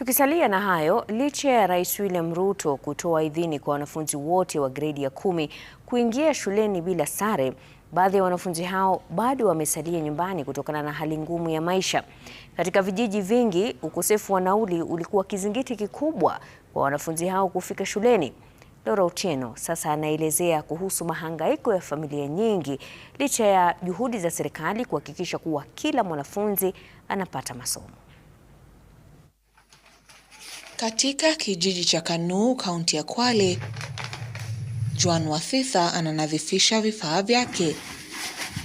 Tukisalia na hayo, licha ya Rais William Ruto kutoa idhini kwa wanafunzi wote wa gredi ya kumi kuingia shuleni bila sare, baadhi ya wanafunzi hao bado wamesalia nyumbani kutokana na hali ngumu ya maisha. Katika vijiji vingi, ukosefu wa nauli ulikuwa kizingiti kikubwa kwa wanafunzi hao kufika shuleni. Lora Otieno sasa anaelezea kuhusu mahangaiko ya familia nyingi licha ya juhudi za serikali kuhakikisha kuwa kila mwanafunzi anapata masomo. Katika kijiji cha Kanuu, kaunti ya Kwale, juan Wathitha ananadhifisha vifaa vyake.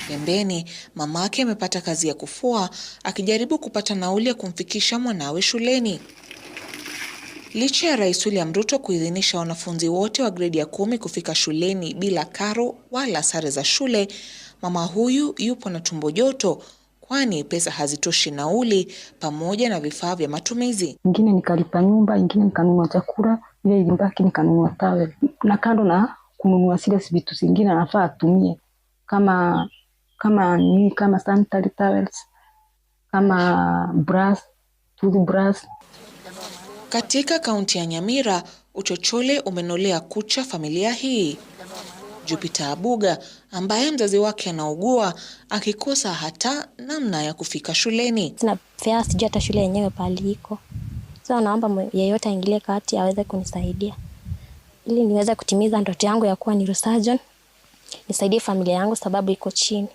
Pembeni, mamake amepata kazi ya kufua akijaribu kupata nauli ya kumfikisha mwanawe shuleni. Licha ya Rais William Ruto kuidhinisha wanafunzi wote wa gredi ya kumi kufika shuleni bila karo wala sare za shule, mama huyu yupo na tumbo joto kwani pesa hazitoshi nauli pamoja na vifaa vya matumizi. Ingine nikalipa nyumba, ingine nikanunua chakula, ile ilibaki nikanunua tawe na kando na kununua zile vitu zingine anafaa atumie kama kama ni kama sanitary towels, kama brush, toothbrush. Katika kaunti ya Nyamira, uchochole umenolea kucha familia hii. Jupiter Abuga ambaye mzazi wake anaugua akikosa hata namna ya kufika shuleni. Sina fea, sijui hata shule yenyewe pahali iko, so naomba yeyote aingilie kati aweze kunisaidia ili niweze kutimiza ndoto yangu ya kuwa neurosurgeon, nisaidie familia yangu sababu iko chini.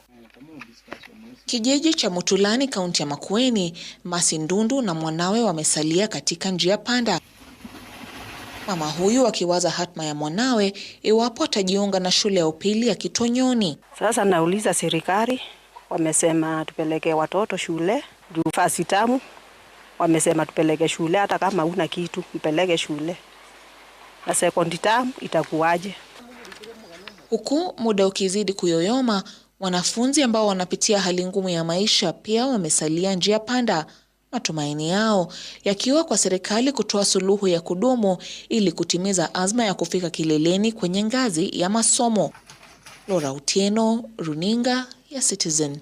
Kijiji cha Mutulani, kaunti ya Makueni, masindundu Ndundu na mwanawe wamesalia katika njia panda mama huyu akiwaza hatma ya mwanawe iwapo atajiunga na shule ya upili ya Kitonyoni. Sasa nauliza serikali, wamesema tupeleke watoto shule juu fasi tamu, wamesema tupeleke shule hata kama una kitu mpeleke shule, na sekondi tamu itakuwaje? Huku muda ukizidi kuyoyoma, wanafunzi ambao wanapitia hali ngumu ya maisha pia wamesalia njia panda. Matumaini yao yakiwa kwa serikali kutoa suluhu ya kudumu ili kutimiza azma ya kufika kileleni kwenye ngazi ya masomo. lora utieno Runinga ya Citizen.